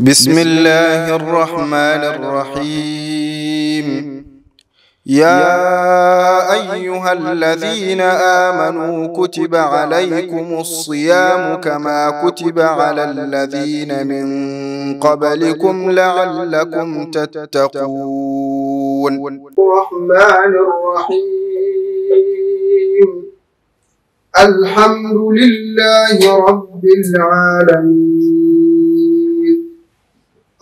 بسم الله الرحمن الرحيم يا أيها الذين آمنوا كتب عليكم الصيام كما كتب على الذين من قبلكم لعلكم تتقون الرحمن الرحيم الحمد لله رب العالمين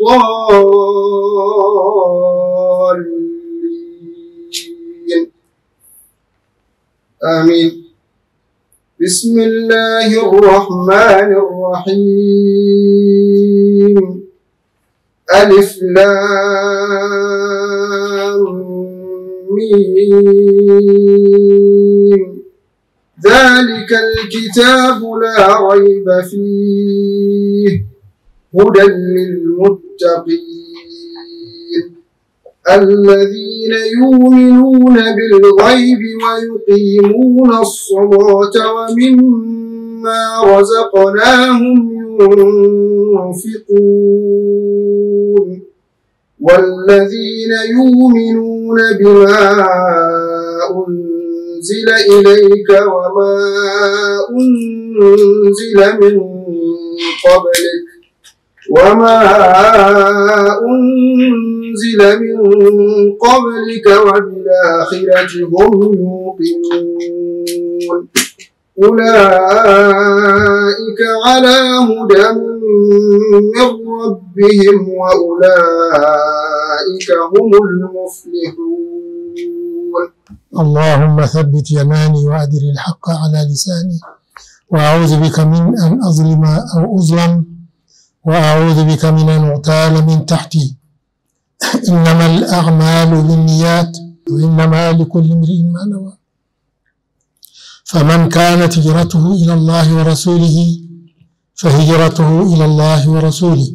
الضالين آمين بسم الله الرحمن الرحيم ألف لام ميم ذلك الكتاب لا ريب فيه هدى للمتقين المتقين الذين يؤمنون بالغيب ويقيمون الصلاة ومما رزقناهم ينفقون والذين يؤمنون بما أنزل إليك وما أنزل من قبلك وما أنزل من قبلك وبالآخرة هم يوقنون أولئك على هدى من ربهم وأولئك هم المفلحون اللهم ثبت يماني وأدر الحق على لساني وأعوذ بك من أن أظلم أو أظلم وأعوذ بك من أن أغتال من تحتي إنما الأعمال بالنيات وإنما لكل امرئ ما نوى فمن كانت هجرته إلى الله ورسوله فهجرته إلى الله ورسوله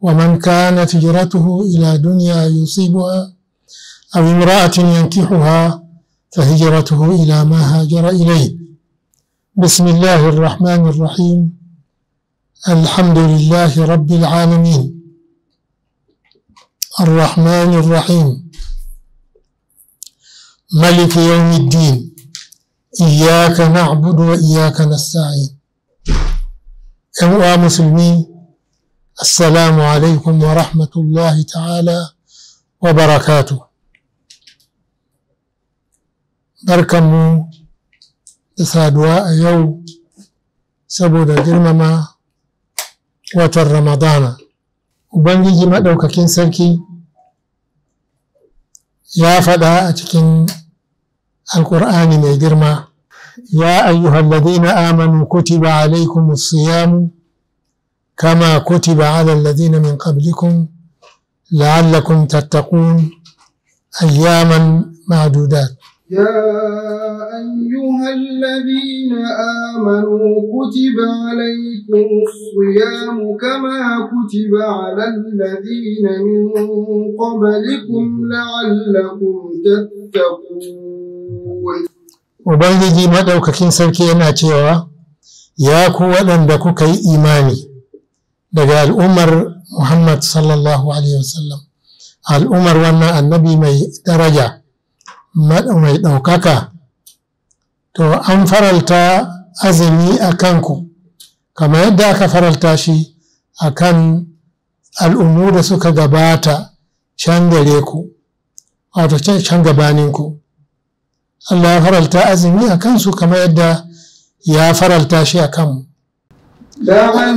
ومن كانت هجرته إلى دنيا يصيبها أو امرأة ينكحها فهجرته إلى ما هاجر إليه بسم الله الرحمن الرحيم الحمد لله رب العالمين الرحمن الرحيم ملك يوم الدين إياك نعبد وإياك نستعين أمواء مسلمين السلام عليكم ورحمة الله تعالى وبركاته بركمو da saduwa a yau watan ramadana ubangiji maɗaukakin sarki ya faɗa a cikin alkur'ani mai girma ya ayyuhal ladina amanu kutiba alaikum siyamu kama kutiba ala ladina min qablikum la'allakum tattaqun ayyaman ma'dudat يا أيها الذين آمنوا كتب عليكم الصيام كما كتب على الذين من قبلكم لعلكم تتقون Ubangiji maɗaukakin sarki yana cewa, Ya ku waɗanda kuka yi imani daga al'ummar Muhammad sallallahu Alaihi wasallam, al'ummar wannan annabi mai daraja. mai ɗaukaka to an faralta azumi a kanku kamar yadda aka faralta shi a kan al'ummu da suka gabata can gare ku wato can gabaninku Allah ya faralta azumi a kansu kamar yadda ya faralta shi a kanmu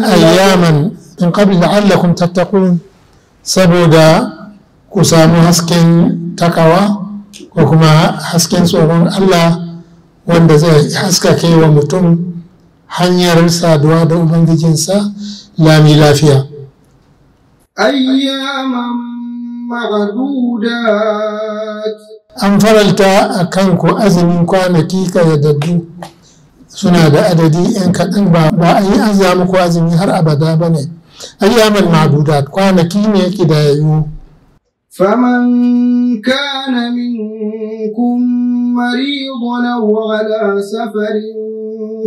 ayyaman in qabli la'allakum tattaqun saboda ku samu hasken takawa ko kuma hasken tsoron Allah wanda zai kai wa mutum hanyar saduwa da ubangijinsa lami lafiya an faralta a kan ku azumin kwanaki kayyadaddu suna da adadi yan kaɗan ba a yi an muku azumi har abada ba ne ayyaman ma'adudat kwanaki ne kidayayyu فمن كان منكم مريضا أو على سفر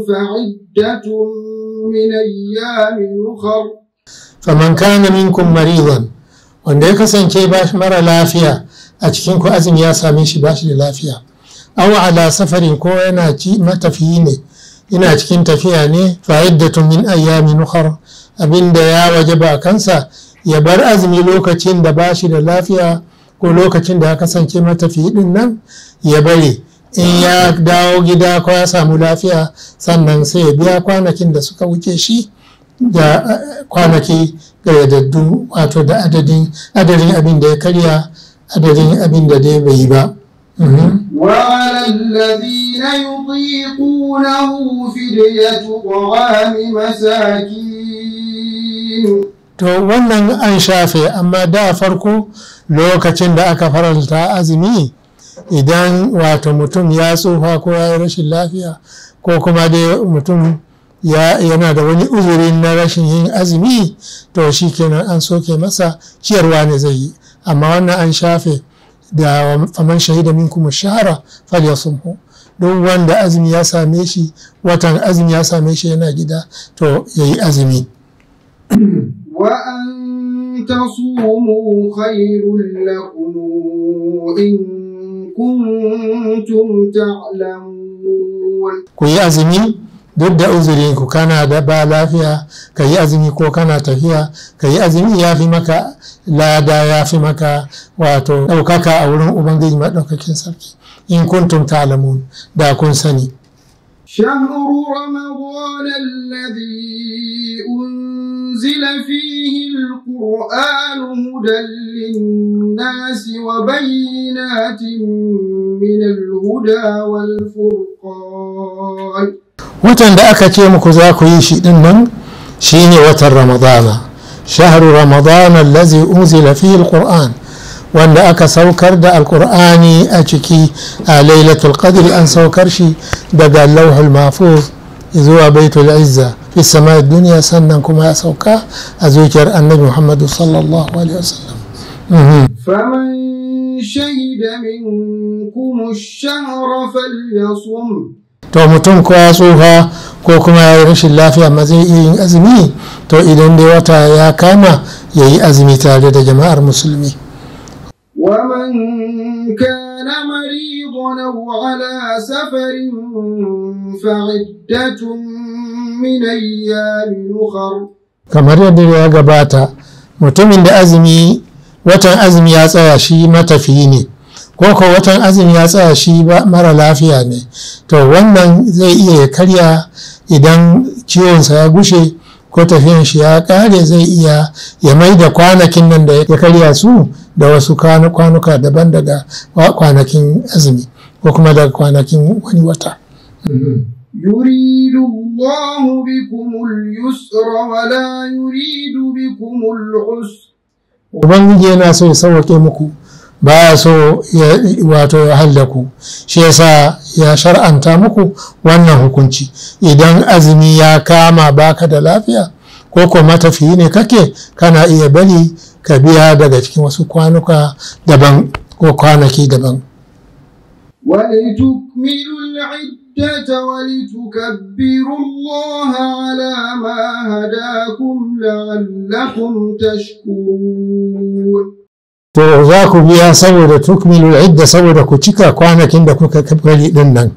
فعدة من أيام أخر فمن كان منكم مريضا wanda ya kasance mara lafiya a cikin ku azumi ya same shi ba shi da lafiya aw ala safarin ko yana ci matafiyi ne yana cikin tafiya ne fa min ayyamin ukhra abinda ya wajaba kansa ya bar azumi lokacin da ba shi da lafiya ko lokacin da ya kasance matafiyi din nan ya bari in ya dawo gida ko ya samu lafiya sannan sai ya biya kwanakin da suka wuce shi da kwanaki ga yadaddu wato da adadin adadin abin da ya karya adadin abin da dai bai yi ba mhm. وعلى الذين يطيقونه فدية طعام مساكين to wannan an shafe amma da farko lokacin da aka faranta azumi idan wato mutum ya tsufa ko ya yi rashin lafiya ko kuma dai mutum yana da wani uzuri na rashin yin azumi to shi kenan an soke masa ciyarwa ne zai yi amma wannan an shafe da faman shahida min kuma shahara fal ya sumhu duk wanda azumi ya same shi watan azumi ya same shi yana gida to ya yi azumi وأن تصوموا خير لكم إن كنتم تعلمون كي أزمي duk da ku kana da ba lafiya ka yi azumi ko kana tafiya ka yi azumi ya fi maka lada ya fi maka wato ɗaukaka a wurin ubangiji maɗaukakin sarki in kuntum ta'lamun da kun sani شهر رمضان الذي أنزل فيه القرآن هدى للناس وبينات من الهدى والفرقان وتند أكت يوم كذاك يشي دنن شيني وتر رمضان شهر رمضان الذي أنزل فيه القرآن wanda aka saukar da alkur'ani a ciki a lailatul qadri an saukar shi daga lauhul mahfuz zuwa baitul izza fi sama duniya sannan kuma ya sauka a zuciyar annabi muhammadu sallallahu alaihi wasallam mhm. to mutum ko ya tsufa ko kuma ya yi rashin lafiya ma zai iya yin azumi to idan dai wata ya kama ya yi azumi tare da jama'ar musulmi ومن كان مريضا أو على سفر فعدة من أيام أخر kamar yadda ya gabata mutumin da azumi watan azumi ya tsaya shi matafiyi ne ko watan azumi ya tsaya shi mara lafiya ne to wannan zai iya ya karya idan ciwonsa ya gushe ko tafiyan shi ya kare zai iya ya mai da kwanakin nan da ya karya su da wasu kwanuka daban daga kwanakin azumi ko kuma daga kwanakin wani wata. يريد الله بكم اليسر ولا يريد بكم العسر Ubangiji yana so ya sauke muku ba so wato ya hallaku shi yasa ya shar'anta muku wannan hukunci idan azumi ya kama baka da lafiya ko ko matafiyi ne kake kana iya bari ka biya daga cikin wasu kwanuka daban ko kwanaki daban To za ku biya saboda tukmilu idda saboda ku cika kwanakin da kuka kafari din nan.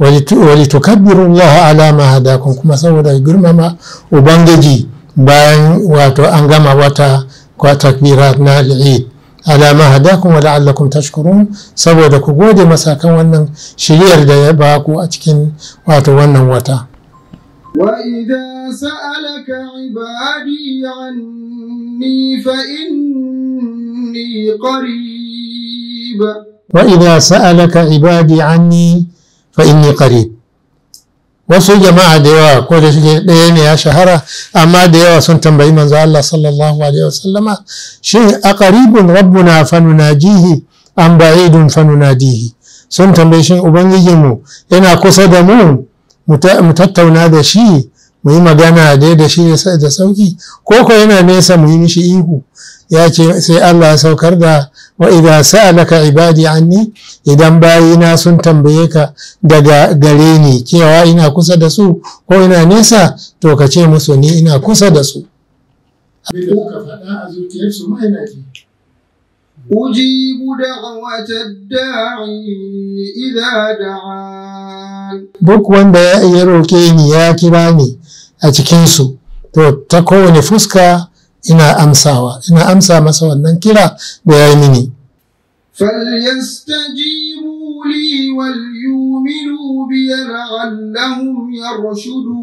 Wali tukabbiru Allah alama hadakun kuma saboda girmama Ubangiji bayan wato an gama wata وتكبيرات نهل العيد ala ma hadakum wa la'allakum tashkurun saboda ku gode masa kan wannan shiriyar da ya baku a cikin wato wannan wata wa idza sa'alaka ibadi anni fa ibadi fa wasu jama'a da yawa ko da shi ɗaya ne ya shahara amma da yawa sun tambayi manzo Allah sallallahu alaihi wasallama shin aqribun rabbuna fanunajihi am ba'idun fanunadihi sun tambayi shin mu yana kusa da mu mu tattauna da shi mu yi magana dai da shi da sauki ko ko yana nesa mu yi mishi ihu ya ce sai Allah saukar da wa idza sa'alaka ibadi anni idan bayina sun tambaye ka daga gare ni cewa ina kusa da su ko ina nesa to ka ce musu ni ina kusa da su أجيب دعوة الداعي إذا دعان duk wanda ya roke ni ya kira ni a cikinsu to ta kowane fuska ina amsawa ina amsa masa wannan kira da ya yi mini. Falyastaji buli wal yi umiru biyar allahun yarushudu.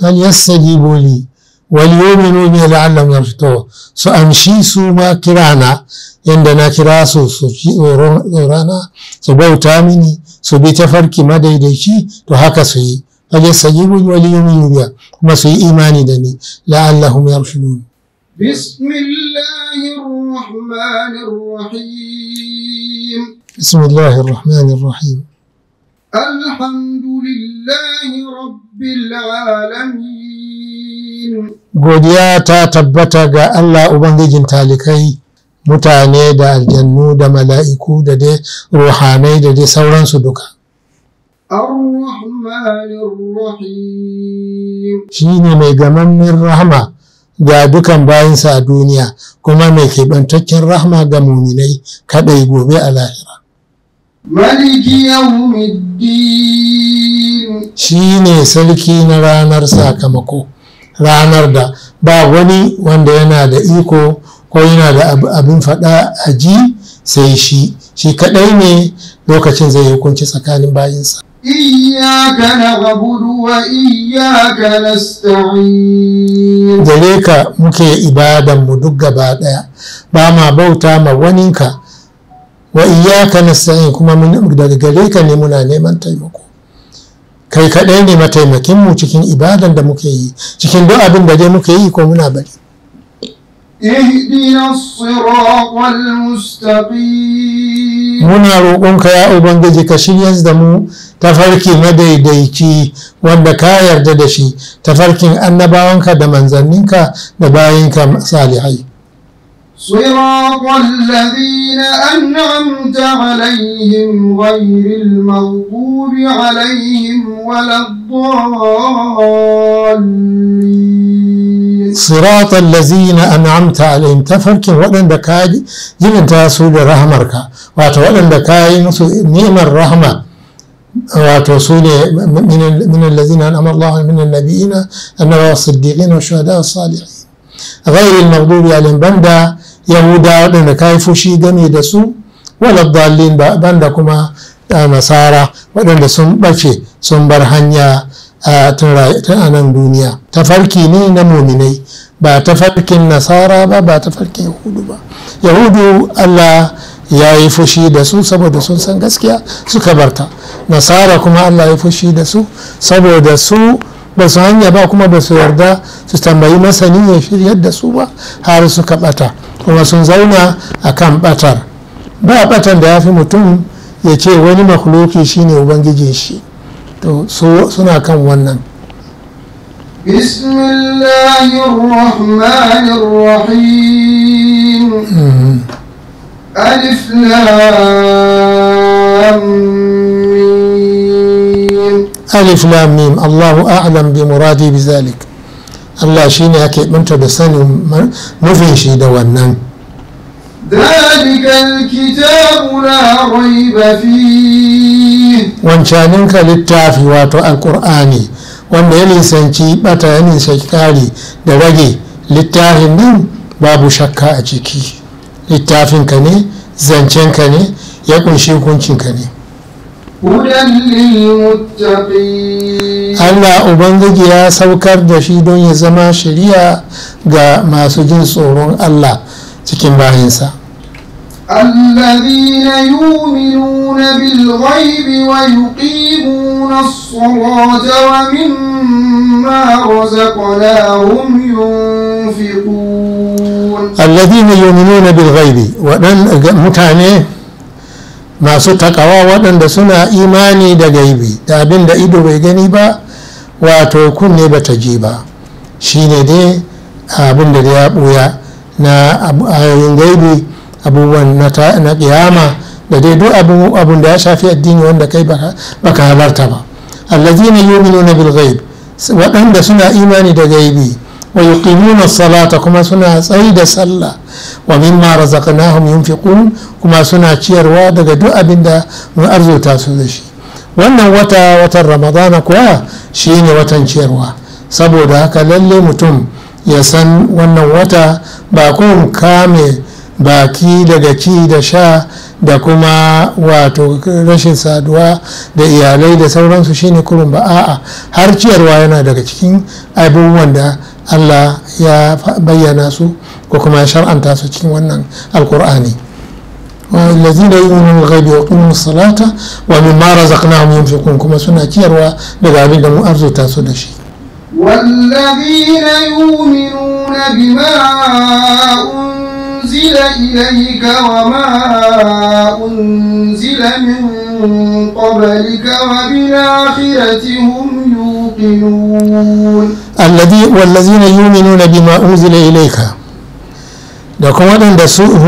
Falyastaji buli wal yi umiru biyar Su amshi su ma kira na yadda na kira su su fi tsoron tsorana su bauta mini su bi tafarki madaidaici to haka su yi. فليستجيبوا لي وليؤمنوا بها kuma su yi imani da ni la'allahum yarshudun bismillahir rahmanir rahim bismillahir rahmanir rahim alhamdulillahi rabbil alamin godiya ta tabbata ga Allah ubangijin talikai mutane da aljannu da mala'iku da dai ruhanai da dai sauransu duka Shi ne mai gamammin rahama ga dukan bayansa a duniya kuma mai keɓantaccen rahama ga muminai kaɗai gobe a lahira. Maliki yawmiddin Shi ne sarki na ranar sakamako, ranar da ba wani wanda yana da iko ko yana da abin faɗa a ji sai shi, shi kaɗai ne lokacin zai hukunci tsakanin bayansa. Iyaka na abudu wa iyaka Gare ka muke ibadan mu duk gaba ɗaya, wa iyaka na sta'in kuma muna muda ga gare ka ne muna neman taimako. Kai kaɗai ne mu cikin ibadan da muke yi, cikin ba abin da dai muke yi ko muna bari. Ihdi na tsira kwal-mustafi. muna roƙonka ya ubangiji ka shirya da mu tafarki madaidaici wanda ka yarda da shi tafarkin annabawanka da manzanninka da bayinka salihai صراط الذين أنعمت عليهم غير المغضوب عليهم ولا الضالين صراط الذين أنعمت عليهم تفرك وأن دكاج جمن تاسود رحمك وأتو وأن دكاي نعم الرحمة وتوصول من, من الذين أنعم الله من النبيين النبي الصديقين والشهداء الصالحين غير المغضوب عليهم بندا yahuda waɗanda ka yi fushi game da su Wala ban banda kuma ah, nasara waɗanda sun ɓace sun bar hanya ah, tun a nan duniya tafarki ne na muminai ba tafarkin nasara ba ba tafarkin yahudu ba yahudu allah ya yi fushi da su saboda sun san gaskiya suka barta nasara kuma allah ya fushi da su saboda su ba su hanya ba kuma ba su yarda su tambayi masani ya shiryar da su ba har suka bata kuma sun zauna a kan batar ba batan da ya fi mutum ya ce wani makuloki shi ne ubangijin shi to suna kan wannan بسم الله الرحمن الرحيم ألف لام alif lam mim Allahu a'lam bi muradi bi zalik Allah shine yake binta da sanin nufin shi da wannan dalikan kitabu la raiba fi wancanin ka littafi wato alqur'ani wanda ya nisanci bata ya nisanci kari da rage littafin nan babu shakka a ciki littafin ka ne ka ne ya kunshi ka ne Allah Ubangiji ya saukar da shi don ya zama shari'a ga masu jin tsoron Allah cikin bayansa. الذين يؤمنون بالغيب ويقيمون الصلاة ومما رزقناهم ينفقون الذين يؤمنون بالغيب وأن متعنيه masu takawa waɗanda suna imani da gaibi da abin da ido bai gani ba wato kunne ba ta ji ba shi ne dai abin da ya ɓuya na ayoyin gaibi abubuwan na kiyama da dai duk abin da ya shafi addini wanda kai ka halarta ba yi yu'minuna na bilgaib waɗanda suna imani da gaibi wa yuqimuna salata kuma suna tsayi da sallah wa mimma razaqnahum yunfiqun kuma suna ciyarwa daga duk abin da mun arzuta su da shi wannan wata watan ramadana kuwa shine watan ciyarwa saboda haka lalle mutum ya san wannan wata ba kun kame baki daga ci da sha da kuma wato rashin saduwa da iyalai da sauransu shine kurun ba a'a har ciyarwa yana daga cikin abubuwan da Allah ya bayyana su ko kuma ya shar'anta su cikin wannan alkur'ani wallazi da yi wani wa kuma salata wa mara zakna mu yin fikun kuma suna ciyarwa daga abin da mu arzuta su da shi wallazi da yi nuna wa min قبلك وبالآخرة هم يوقنون الذي والذين يؤمنون بما أنزل إليك da kuma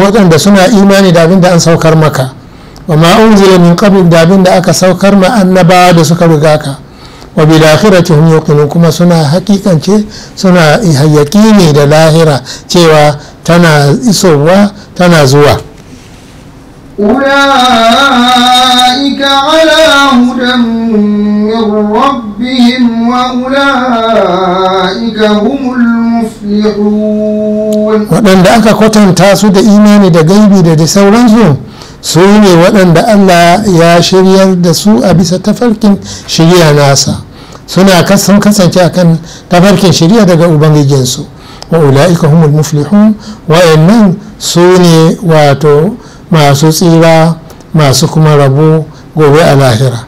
waɗanda suna imani da abin da an saukar maka wa ma unzila min qablik da abin da aka saukar ma ba da suka riga ka wa bil akhirati hum yuqinun kuma suna hakikance suna hayyaki ne da lahira cewa tana isowa tana zuwa أولئك على هدى من ربهم وأولئك هم المفلحون waɗanda aka kwatanta su da imani da gaibi da da sauransu su waɗanda Allah ya shiryar da su a bisa tafarkin shirya nasa suna sun a kan tafarkin shirya daga ubangijinsu wa ula'ika humul muflihun wa'annan su wato masu tsira masu kuma rabo gobe a lahira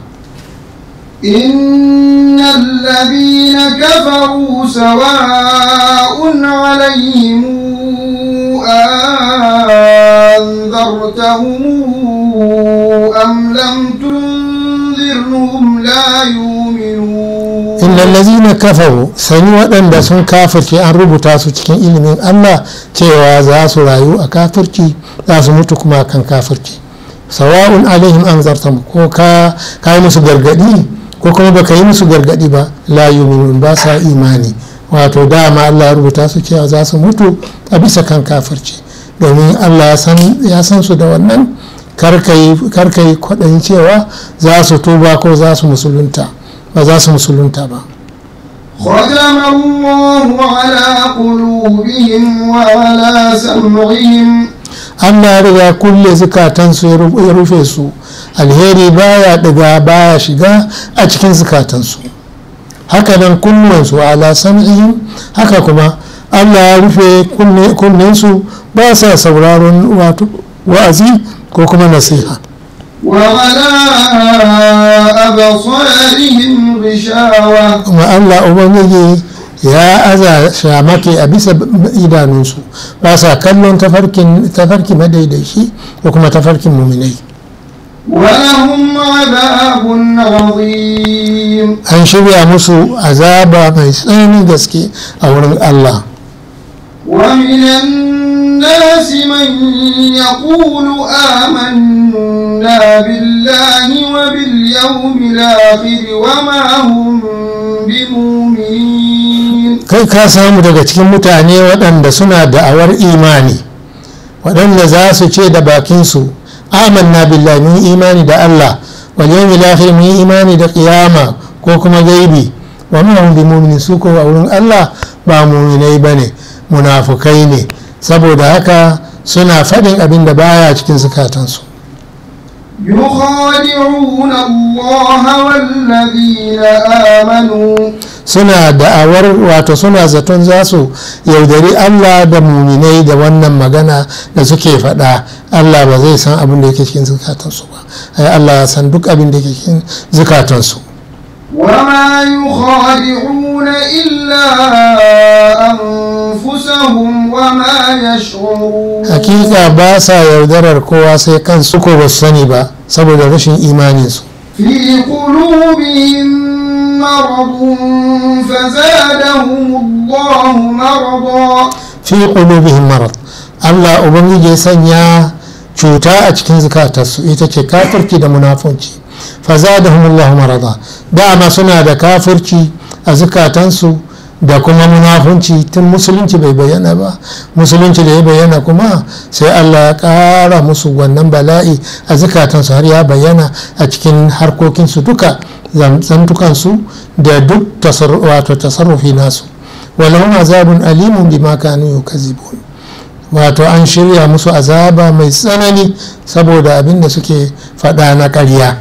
إن الذين كفروا سواء عليهم أنذرتهم أم لم تنذرهم لا يؤمنون nan lazina kafaru sani waɗanda sun kafirce an rubuta su cikin ilimin Allah cewa za su rayu a kafirci za su mutu kuma kan kafirci sawa'un alaihim an zarta ko ka yi musu gargaɗi ko kuma baka yi musu gargaɗi ba la yuminun ba sa imani wato dama Allah ya rubuta su cewa za su mutu a bisa kan kafirci domin Allah ya san su da wannan karkai kwaɗayin cewa za su tuba ko za su musulunta ba za su musulunta ba ختم الله riga kulle zukatansu ya rufe su alheri baya daga baya shiga a cikin zukatansu haka nan kunnuwansu ala sam'ihim haka kuma Allah ya rufe su ba sa sauraron wa'azi ko kuma nasiha وعلى أبصارهم غشاوة وألا ubangiji ya aza shamake a bisa idanunsu ba sa kallon tafarki madaidaici da kuma tafarkin muminai an shirya musu azaba mai tsanin gaske a wurin allah ومن الناس من يقول آمنا بالله وباليوم الآخر وما هم بمؤمنين كي كاسام daga cikin mutane waɗanda suna da'awar imani waɗanda za su ce da bakinsu amanna billahi mun imani da Allah wal yawmil akhir mun imani da ƙiyama ko kuma gaibi wa ma mu'minin su ko a wurin Allah ba mu'minai bane munafukai ne saboda haka suna faɗin abin da baya cikin zukatansu suna da'awar wato suna zaton za su yaudari Allah da muminai da wannan magana da suke faɗa Allah ba zai san abin da yake cikin zukatansu ba ai Allah ya san duk abin da yake cikin zukatansu Wa wama yukhadi'un يضرون إلا أنفسهم وما يشعرون حقيقة باسا يودر كواسي كان سكو بالصنبة سبب رشن إيمانيسو في قلوبهم مرض فزادهم الله مرضا في قلوبهم مرض الله أبنجي سنيا cuta a cikin zukatarsu ita ce kafirki da munafunci fazadahumullahu marada dama suna da kafurci a zukatansu da kuma munafunci tun musulunci bai bayyana ba musulunci da ya bayyana kuma sai allah ya kara musu wannan bala'i a zukatansu har ya bayyana a cikin harkokinsu duka zantukansu da duk wato tasarrufi nasu walahum azabun alimun bima kanu yukazibun wato an shirya musu azaba mai tsanani saboda abin da suke faɗa na ƙarya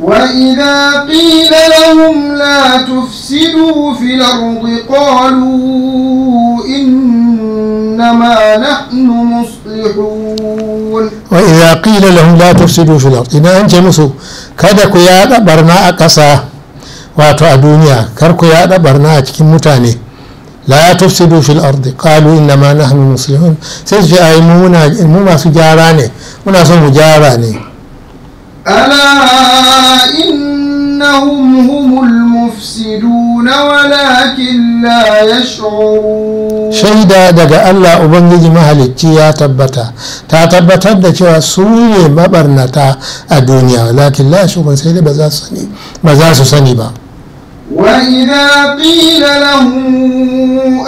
وإذا قيل لهم لا تفسدوا في الأرض قالوا إنما نحن مصلحون وإذا قيل لهم لا تفسدوا في الأرض إذا أنت مسو كذا كيا برنا أكسا wato a duniya kar ku barna a cikin mutane la tufsidu fil ardi qalu inna ma nahnu muslimun sai su ce ai mu masu gyara ne mu gyara ne ألا إنهم هم na ولكن لا يشعرون shaida daga Allah Ubangiji mahalicci ya tabbata ta tabbatar da cewa sune ne a duniya walakin la shukun sai dai ba za su sani ba وإذا قيل لهم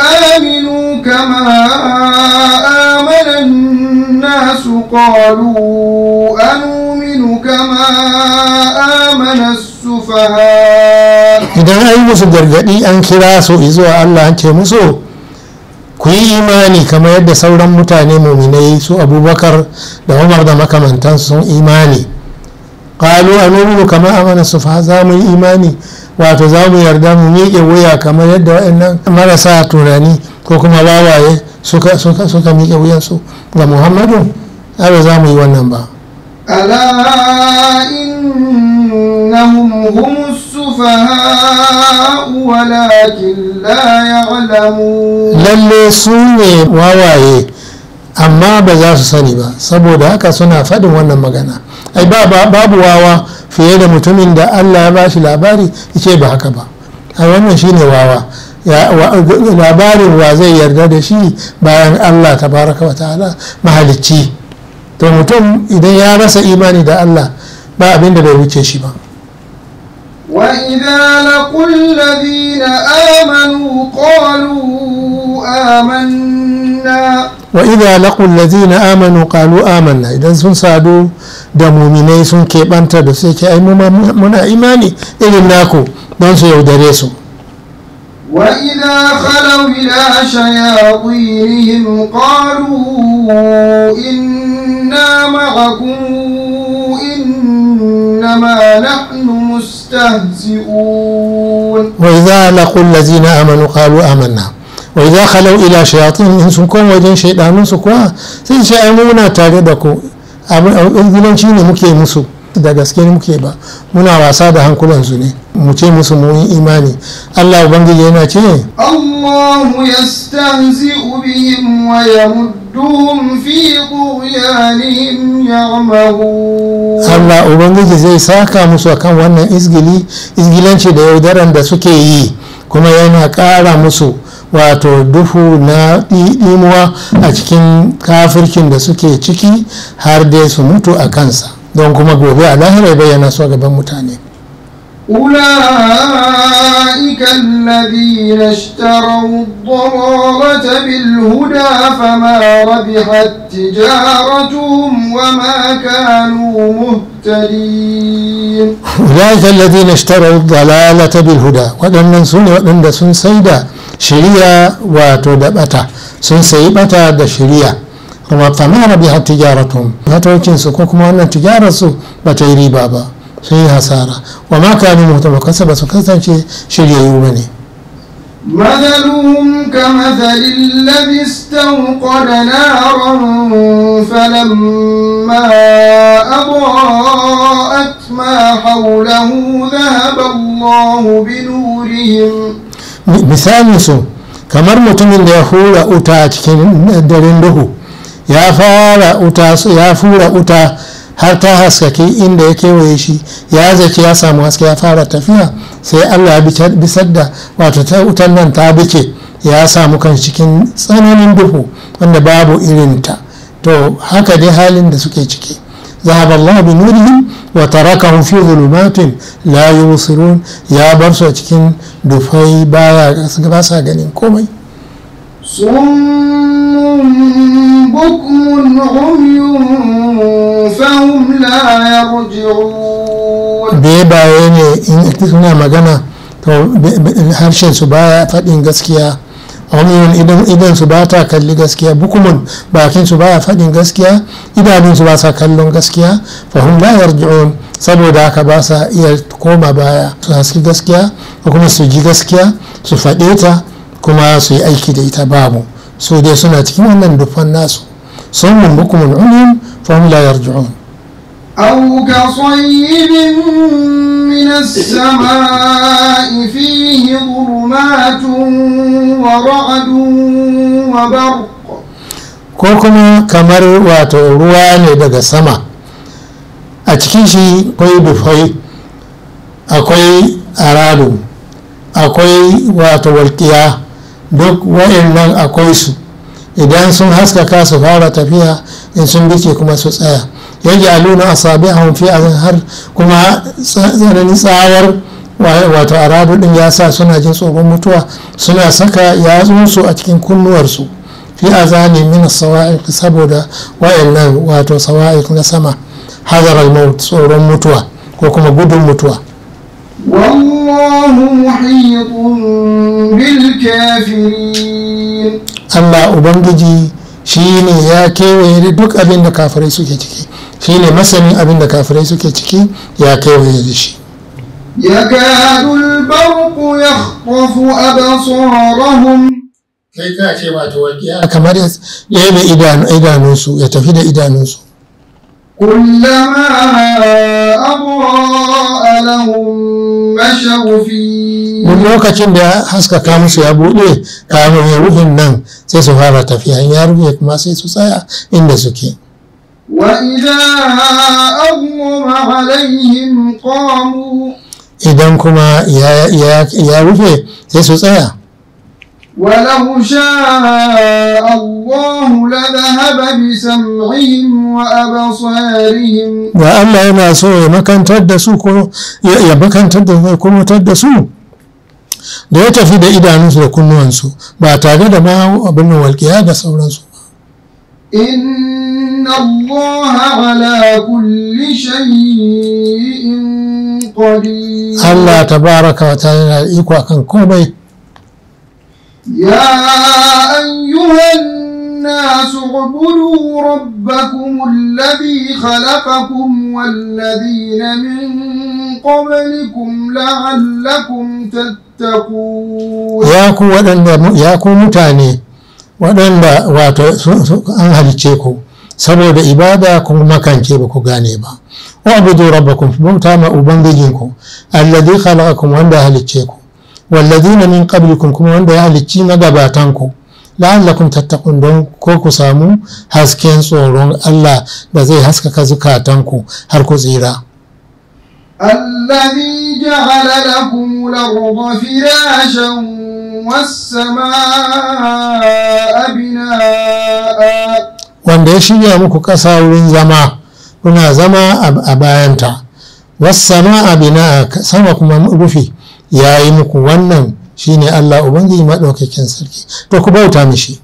آمنوا kama آمن الناس قالوا أنؤمن كما آمن السفهاء إذا أي مسجرغدي أن كراسو إزوا allah أنت musu ku yi imani kamar yadda sauran mutane muminai su abubakar da umar da makamantan sun imani qalu aminu kama amana su fa za mu yi imani wato za mu yarda mu miƙe wuya kamar yadda waɗannan marasa turani ko kuma lawaye suka miƙe wuyansu ga muhammadu ba za mu yi wannan ba ألا إنهم هم السفهاء ولكن لا يعلمون للي سوني واواي amma ba za su sani ba saboda haka suna faɗin wannan magana ai babu wawa fiye da mutumin da allah ya ba shi labari ce ba haka ba ai wannan shine wawa labarin wa zai yarda da shi bayan allah tabaraka wa mahalicci to mutum idan ya rasa imani da Allah ba abinda bai wuce shi ba وإذا لقوا الذين آمنوا قالوا آمنا وإذا لقوا الذين آمنوا da muminai sun keɓanta da suke ai muna imani irin naku don su yaudare su وإذا خلوا إلى شياطينهم قالوا إنا معكم إنما نحن مستهزئون وإذا لقوا الذين آمنوا قالوا آمنا وإذا خلوا إلى شياطين سكون وجن شيطان سكوا سيشأمونا تاردكو أو إذن شيني مكي مسو da gaske muke ba muna wasa da hankulansu ne mu ce musu mu yi imani Allah ubangiji yana ce Allahu yastahzi'u bihim wa yamudduhum fi ya ya'mahun Allah ubangiji zai saka musu akan wannan izgili izgilanci da yaudaran da suke yi kuma yana kara musu wato duhu na ɗimuwa a cikin kafirkin da suke ciki har dai su mutu a kansa don kuma gobe a lahira ya bayyana su a gaban mutane أولئك الذين اشتروا الضلالة بالهدى فما ربحت تجارتهم وما كانوا مهتدين أولئك الذين اشتروا الضلالة بالهدى وأن سنة وأن سن سيدة شريعة وتدبتة سن kuma tamara biha tijaratun hatokin su ko kuma wannan tijarar su ba ta yi riba ba sun yi hasara wa ma kanu mutamakkasa ba su kasance shiryayyu ba ne مثلهم كمثل الذي استوقد نارا فلما أضاءت ما حوله ذهب الله بنورهم مثال سو kamar mutumin da ya hura wuta a cikin daren duhu ya fara uta ya fura uta har ta haskake inda ya kewaye shi ya zaki ya samu haske ya fara tafiya sai allah bisar da wato ta utan nan ta bice ya samu kan cikin tsananin duhu wanda babu irinta to haka dai halin da suke ciki ذهب الله بنورهم وتركهم في ظلمات لا يبصرون يا a cikin dufai baya ba sa ganin komai بكم عمي فهم لا يرجعون bebaye ne in suna magana to harshen su baya faɗin gaskiya wani idan su ba ta kalli gaskiya bukumun bakin su baya faɗin gaskiya idanun su ba sa kallon gaskiya fahim la yarji'un saboda haka ba sa iya koma baya su haski gaskiya ko kuma su ji gaskiya su faɗe ta kuma su yi aiki da ita babu su dai suna cikin wannan dufan nasu sun mun bukumun umum fahim la yarji'un أو كصيب من السماء فيه ظلمات ورعد وبرق ko kuma kamar wato ruwa ne daga sama a cikin shi akwai dufai akwai aradu akwai wato walƙiya duk wayan nan akwai su idan sun haskaka su fara tafiya in sun bice kuma su tsaya yaji aluna asabi'ahum fi har kuma tsananin tsawar wato aradu din ya sa suna jin tsoron mutuwa suna saka yatsunsu a cikin kunnuwarsu fi azani min sawa'iq saboda wayan nan wato sawa'iq na sama hazar tsoron mutuwa ko kuma gudun mutuwa والله محيط بالكافرين أما أبنجي shine ya kewaye duk abin da kafirai suke ciki shine masanin abin da kafirai suke ciki ya kewaye da shi Ya يكاد البرق a أبصارهم kai ta ce wato wajiya? kamar ya ɗebe idanunsu ya tafi da idanunsu كلما أضاء لهم مشوا فيه duk lokacin da haska haskaka su ya buɗe kamar ya ruhin nan sai su fara tafiya ya rufe kuma sai su tsaya inda suke وإذا أغمم عليهم قاموا idan kuma ya rufe sai su tsaya ولو شاء الله لذهب بسمعهم وأبصارهم da Allah yana so ya makantar da su ya makantar da da su da ya tafi da idanunsu da kunnuwansu ba tare da ma abin da walƙiya da sauransu إن الله على كل شيء قدير الله تبارك وتعالى akan komai يا أيها الناس اعبدوا ربكم الذي خلقكم والذين من قبلكم لعلكم تتقون يا كو waɗanda wato an halicce ku saboda ibada kun makance ba ku gane ba wa abudu rabbakum bauta ma ubangijinku alladhi khalaqakum wanda halicce ku wallazina min qablikum kuma wanda ya halicci gabatan ku la'allakum tattaqun don ko ku samu hasken tsoron Allah da zai haskaka zukatan ku har ku tsira الذي جعل لكم الأرض فراشا والسماء بناء wanda ya shirya muku ƙasa wurin zama kuna zama a bayanta wasu sama a bina kuma rufi yayi muku wannan shine Allah ubangiji madaukakin sarki to ku bauta mishi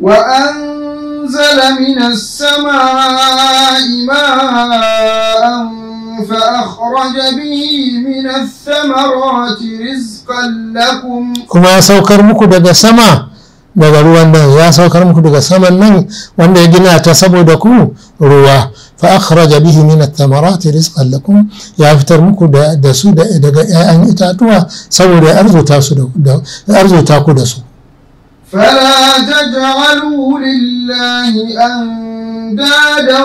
wa anzala minas samaa'i ma'an fa فأخرج bihi من الثمرات rizqan lakum kuma saukar muku daga sama daga ruwan nan ya saukar muku daga saman nan wanda ya gina ta saboda ku ruwa fa akhraja bihi min at rizqan lakum ya fitar muku da su daga 'ya'yan itatuwa saboda arzuta su da arzuta ku da su fala taj'alu lillahi an أندادا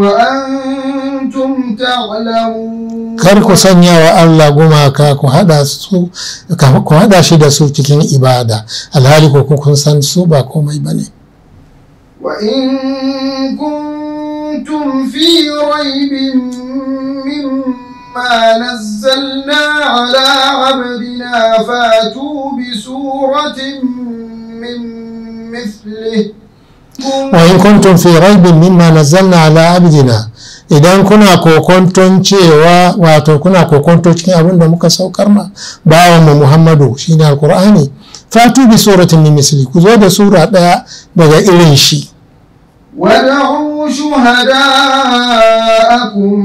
وأنتم تعلمون kar ku sanya wa Allah gumaka ku hada su ku hada shi da su cikin ibada alhali ko kun san su ba komai bane wa in kuntum fi raibin nazzalna na abdina fatu bi suratin min mithlihi wa in kuntum fi raibin mimma nazzalna ala abdina idan kuna kokonton cewa wato kuna kokonto cikin abin da muka saukar ma bawan mu Muhammadu shine alqur'ani fatu bi suratin min misli ku zo da sura daya daga irin shi wad'u shuhada'akum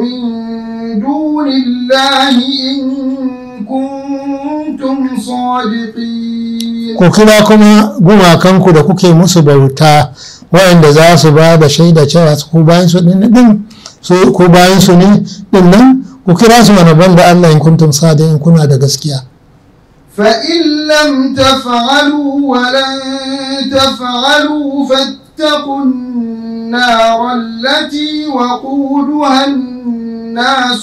min dunillahi in kuntum sadiqin ku kira kuma gumakanku da kuke musu bauta waɗanda za su ba da shaida cewa ku bayan su din su ku bayan su ne din nan ku kira su mana banda Allah in kuntum sadiqin in kuna da gaskiya fa in lam taf'alu wa lan taf'alu fattaqun allati waquduha an-nas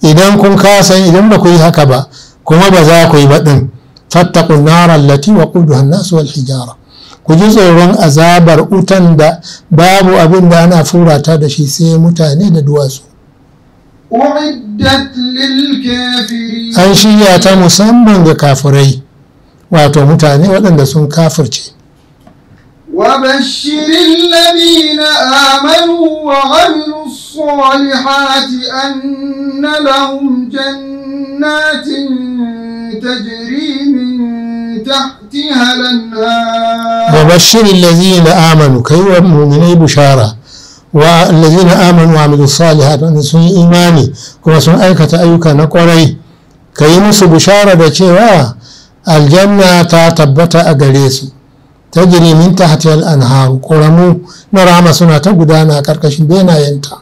idan kun kasan idan ba ku haka ba kuma ba za ku yi baɗin fattakun naran lati wa kudu su wal hijara ku ji tsoron azabar utan da babu abin da ana furata da shi sai mutane da duwatsu an shirya ta musamman ga kafirai wato mutane waɗanda sun kafirce وبشر الذين آمنوا وعملوا الصالحات أن لهم جنات جنات تجري من تحتها الأنهار وبشر الذين آمنوا كي مؤمني بشارة والذين آمنوا وعملوا الصالحات وأن سن إيماني كما سن أيكة أيكة نقري كي نسوا بشارة بشيوا الجنة تتبت أجليسو تجري من تحتها الأنهار قرمو نرى ما سنة قدانا كركش بينا ينتهي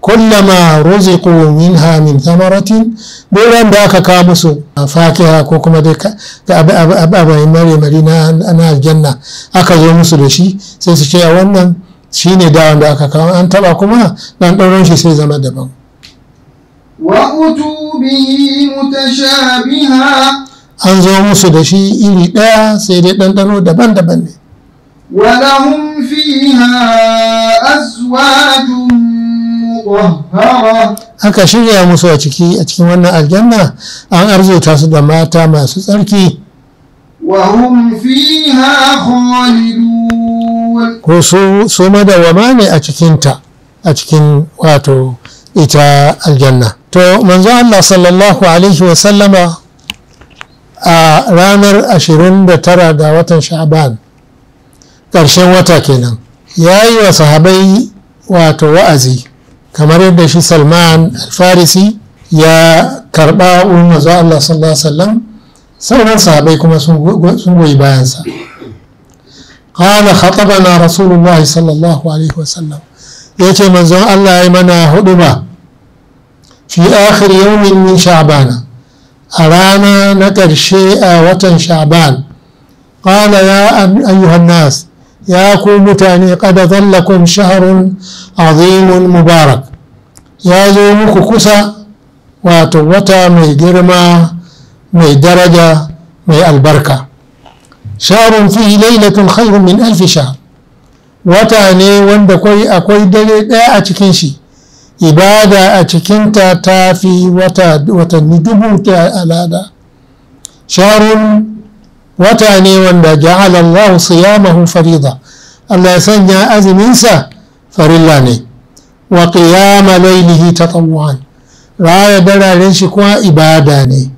kullama ruziqu minha min thamaratin duk wanda aka kawo musu fakiha ko kuma dai abai mare mari na aljanna aka zo musu da shi sai su ce a wannan shine da wanda aka kawo an taba kuma dan dauran shi sai zama daban wa utu bi mutashabiha an zo musu da shi iri ɗaya sai dai dandano daban-daban ne wa lahum fiha azwajun aka shirya musu a ciki a cikin wannan aljanna an arzuta su da mata masu tsarki ko su wama ne a cikinta a cikin wato ita aljanna to manzo Allah sallallahu alaihi wasallama a ranar 29 ga watan sha'ban ƙarshen wata kenan ya yi wa sahabai wato wa'azi kamar yadda shi salman alfarisi ya karba wurin manzo Allah sallallahu alaihi wasallam sauran sahabai kuma sun goyi bayansa qala na rasulullahi sallallahu alaihi wasallam yace manzon Allah ya mana ba fi akhir yawmin min sha'bana a rana na ƙarshe a watan sha'ban kala ya ayyuhan nas ya ku mutane kada zallakum shaharun azimun mubarak ya zo muku kusa wato wata mai girma mai daraja mai albarka shaharun fi lailatun khairun min alfi wata ne wanda akwai dare ɗaya a cikin shi ibada a cikinta ta fi watanni dubu ta alada shaharun wata ne wanda ja'ala Allah siyamahu farida Allah ya sanya azuminsa farilla ne wa qiyama laylihi tatawwan raya dararen shi kuma ibada ne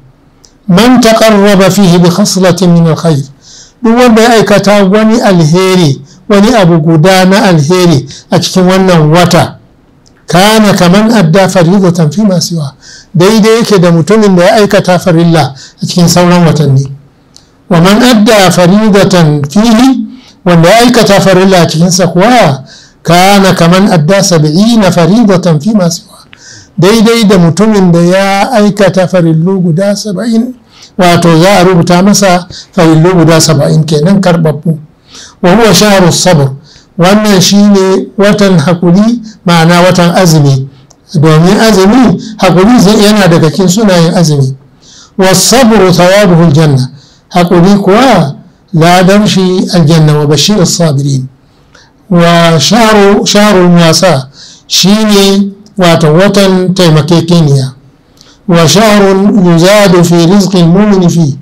man taqarraba fihi bi khaslatin min alkhair duk wanda ya aikata wani alheri wani abu guda na alheri a cikin wannan wata kana kaman adda faridatan fi ma siwa daidai yake da mutumin da ya aikata farilla a cikin sauran watanni wa man adda faridatan fihi wanda ya aikata farilla a cikinsa kuwa kana kaman adda sab'ina faridatan fi masu daidai da mutumin da ya aikata farillu guda saba'in wato za a rubuta masa farillu guda saba'in kenan karbabbu wa huwa shahru sabr wannan shine watan hakuri ma'ana watan azumi domin azumi hakuri yana daga cikin sunayen azumi wa sabru thawabuhul janna haƙuri kuwa ladan shi aljanna wa bashir sabirin wa shaharul wasa shine wato watan taimakekeniya wa shaharul yuzadu fi rizqin mumini fi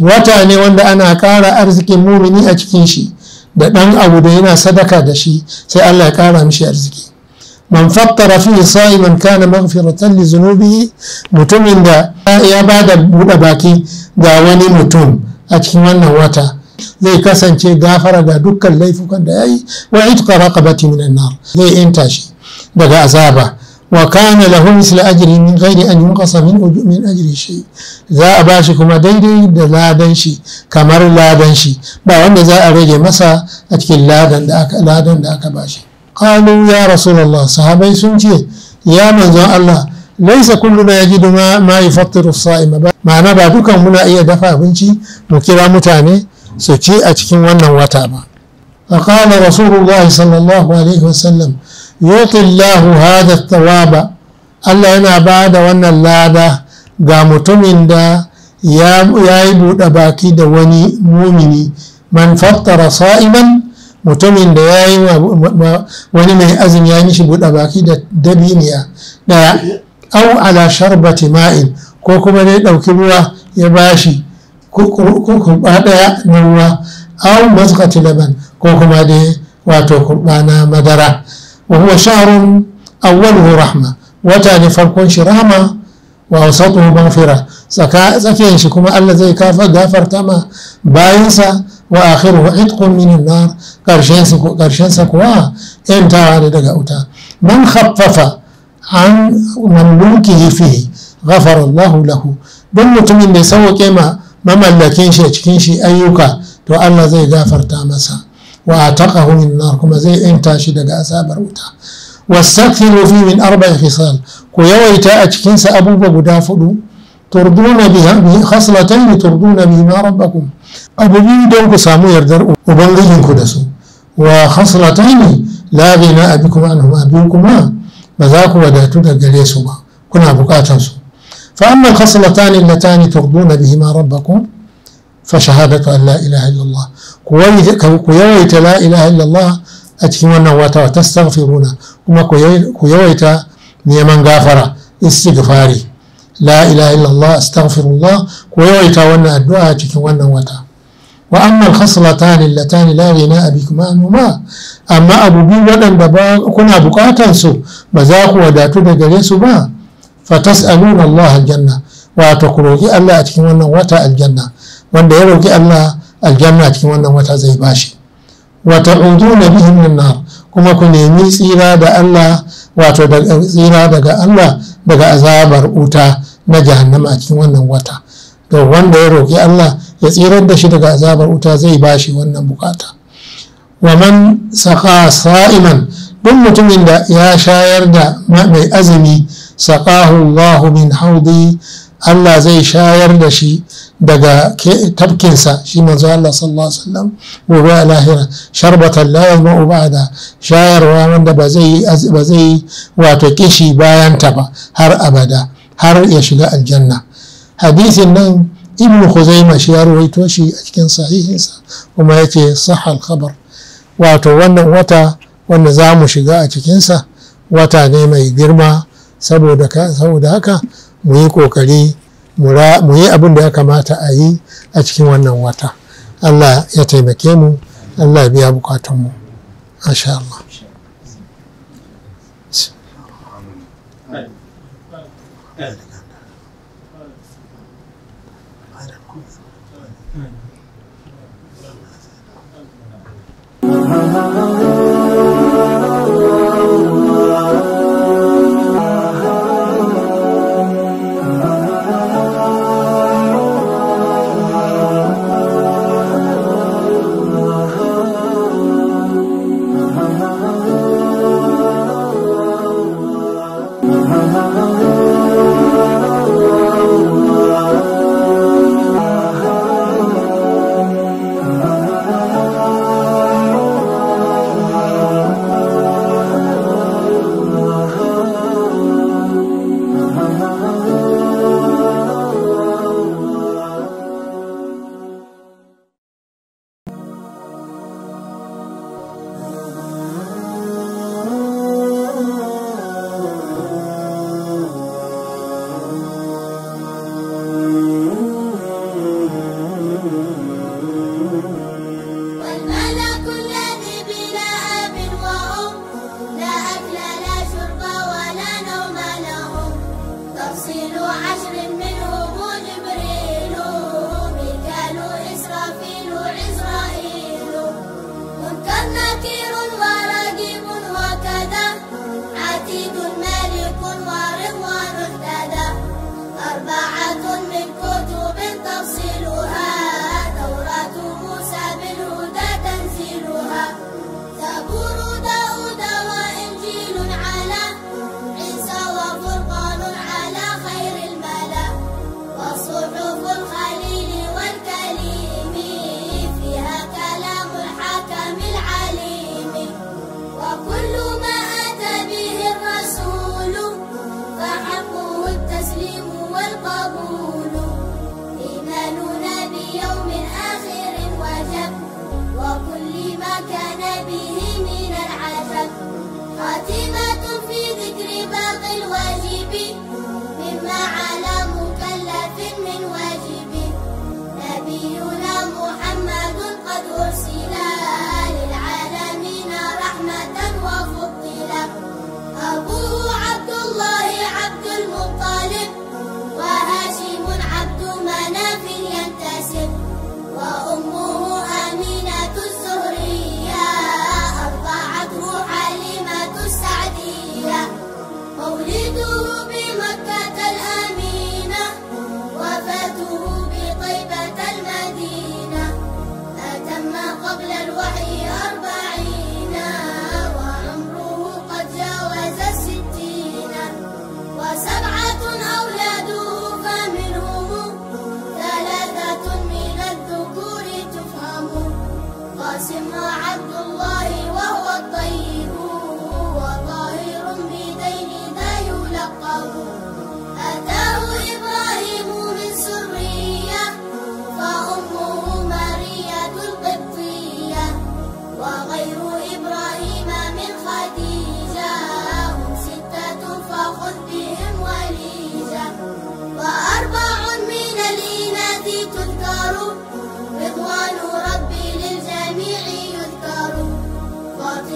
wata ne wanda ana ƙara arzikin mumini a cikin shi da ɗan abu da yana sadaka da shi sai Allah ya ƙara mishi arziki man fattara fi sa'iman kana maghfiratan li zunubihi mutumin da ya da buɗe baki ga wani mutum a cikin wannan wata zai kasance gafara ga dukkan laifukan da yayi wa itqa raqabati minan nar zai yanta shi daga azaba wa kana lahu mislu ajri min ghairi an yunqasa min min ajri shay za bashi kuma daidai da ladan shi kamar ladan shi ba wanda za a rage masa a cikin ladan da aka bashi qalu ya rasulullah sahabai sun ce ya manzon Allah laisa kulluna yajidu ma ma yufattiru sa'ima ma'ana ba dukan muna iya dafa abinci mu kira mutane su ci a cikin wannan wata ba فقال رسول الله صلى الله عليه وسلم يعطي الله هذا الثواب yana ba da wannan lada ga mutumin da ya yi buɗe baki da wani mumini man fattara sa'iman mutumin da ya yi wa wani mai azumi ya mishi buɗe baki da dabiniya da au ala sharbati ma'in ko kuma ne ɗauki ruwa ya bashi kurkurba ɗaya na ruwa au maskati laban ko kuma dai wato kurba na madara wa huwa shahrun awwaluhu rahma wata ne farkon shi rahma wa wasu maghfira tsaka shi kuma Allah zai kafa gafarta ma bayansa wa akhiruhu itqun min an-nar karshen sa ko kuwa yantawa ne daga wuta man khaffafa an mamlukihi fihi ghafara Allah lahu don mutumin da sauke ma mamallakin shi a cikin shi ayyuka to Allah zai gafarta masa wa ataqahu min nar kuma zai yanta shi daga asabar wuta واستكثروا فيه ku yawaita a كويويتا أتشكنس أبوبا قدافلو ترضون بها خصلتين ترضون بهما ربكم abu biyu don ku samu yardar ubangijinku da su wa hasratani la ghina abikum anhum abiyu kuma ba za ku wadatu da gare su ba kuna bukatar su fa amma hasratani allatani turduna bihima rabbakum fa shahadatu an la ilaha illallah ku yawaita la ilaha illallah a cikin wannan wata wa stagfiruna kuma ku yawaita neman gafara istighfari la ilaha illallah astaghfirullah ku yawaita wannan addu'a cikin wannan wata واما الخصلتان اللتان لا allatani بكما ghina اما ابو amma ودن دبا waɗanda ba kuna بزاكو su ba za ku wadatu da gare su ba fatas'aluna Allah aljanna wato ku roki Allah a cikin wannan wata aljanna wanda ya roki Allah aljanna cikin wannan wata zai bashi wa ta'uduna bihim min nar kuma ku nemi tsira da Allah wato daga tsira daga Allah daga azabar wuta na jahannama a cikin wannan wata to wanda ya roki Allah ya tsirar da shi daga azabar wuta zai bashi wannan bukata wa man saka sa'iman duk mutumin da ya shayar da mai azumi saqahu Allah min haudi Allah zai shayar da shi daga tafkinsa shi manzo Allah sallallahu alaihi wasallam gobe a lahira sharbatan la yazma'u ba'da shayarwa wanda ba zai ba zai wato kishi bayan ta ba har abada har ya shiga aljanna hadisin nan ibn Khuzaima shi ya rawaito shi a cikin sahihinsa kuma yace sahal khabar wato wannan wata wanda za mu shiga a cikinsa wata ne mai girma saboda haka mu yi kokari mu yi abin da ya kamata a yi a cikin wannan wata Allah ya taimake mu Allah ya biya mu insha Allah Yeah. oh, oh, oh.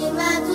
Fatima.